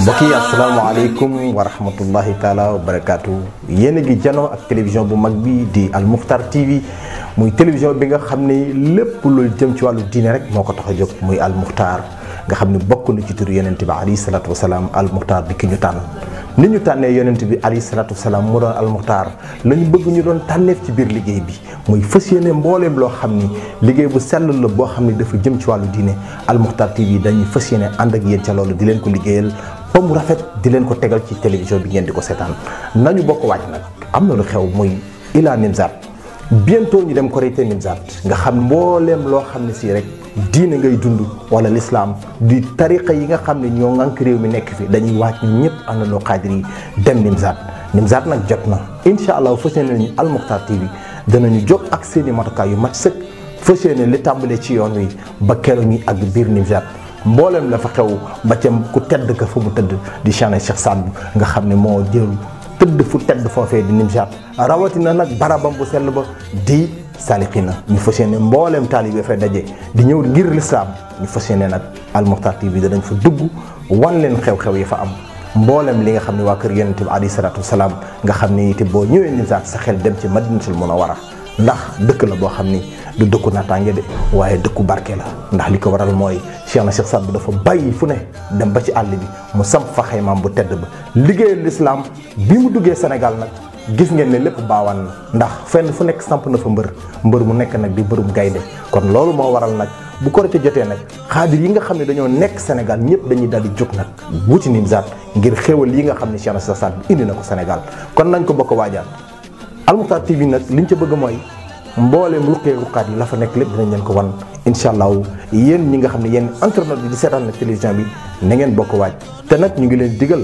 mbokk yi asalaamaaleykum wa rahmatullahi taala wa barakaatu yéen a ngi janoo ak télévision bu mag bi di Al Moukhtar TV muy télévision bi nga xam ne lépp lu jëm ci wàllu diine rek moo ko tax a muy Al Moukhtar nga xam ne bokk na ci turu yonent bi alayhi salaatu wasalaam Al Moukhtar bi ki ñu tànn. ni ñu tànnee yonent bi alayhi salaatu salaam mu doon almuxtaar la ñu bëgg ñu doon tànneef ci biir liggéey bi muy fës yéene mbooleem loo xam ni liggéey bu sell la boo xam ni dafa jëm ci wàllu diine almuxtaar yi dañuy fës yéene ànd ak yéen ca loolu di leen ko liggéeyal ba mu rafet di leen ko tegal ci télévision bi ngeen di ko seetaan nañu bokk waaj nag am na lu xew muy Ila Nimzaat bientôt ñu dem ko rétanisaat nga xam mbooleem loo xam ne sii rek diina ngay dund wala lislaam di tariqa yi nga xam ne ñoo ngànk réew mi nekk fii dañuy waaj am na àndandoo xaadir yi dem nimsaat nimsaat nag jot na incha allah fas yéene nañu Al dana ñu jot ak seeni matukaay yu mat sëkk fas yéene li tàmbalee ci yoon wi ba keroog ñi ak biir nimsaat mbooleem la fa xew ba ca ku tedd ka fa mu tëdd di Cheikh Sadou nga xam ne moo jël tëdd fu tedd foofee di Nimzaat rawatina nag barabam bu sell ba di Salihina ñu fas yéene mbooleem taalibe fa daje di ñëw ngir lislaam ñu fas yéene nag Al Moukhtar TV danañ fa dugg wan leen xew-xew yi fa am mboolem li nga xam ne waa kër yonent bi alayhi salaatu wasalaam nga xam ni itam boo ñëwee Nimzaat sa xel dem ci madinatul munawara ndax dëkk la boo xam ni du dëkku naataange dé wayé dëkku barké la ndax liko waral moy Cheikh na Cheikh sabbu dafa bayyi fu né dem ba ci àll bi mu sam fa mam bu tedd ba liggéeyal l'islam bi mu duggé Sénégal nag gis ngeen né lepp bawan ndax fenn fu nekk samp na fa mbeur mbeur mu nak di gaydé kon lolu mo waral nag bu korite jotté nag khadir yi nga xamné dañoo nekk Sénégal ñepp dañuy dal di nag wuti zat ngir xéewal yi nga xamné Cheikh na Cheikh sabbu indi nako Sénégal kon nañ ko bokk waajal Al Moukhtar TV nak liñ ci bëgg moy mbooleem ruqee ruqaat yi la fa nekk lépp dinañ leen ko wan incha allahu yéen ñi nga xam ne yéen internet bi di seetaan nag télévision bi na ngeen bokk waaj te nag ñu ngi leen digal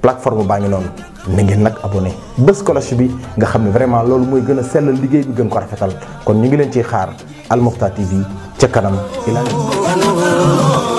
plateforme baa ngi noonu na ngeen nag abonné bés cloche bi nga xam ne vraiment loolu mooy gën a sellal liggéey bi gën ko rafetal kon ñu ngi leen ciy xaar Al Moukhtar TV ca kanam ilaa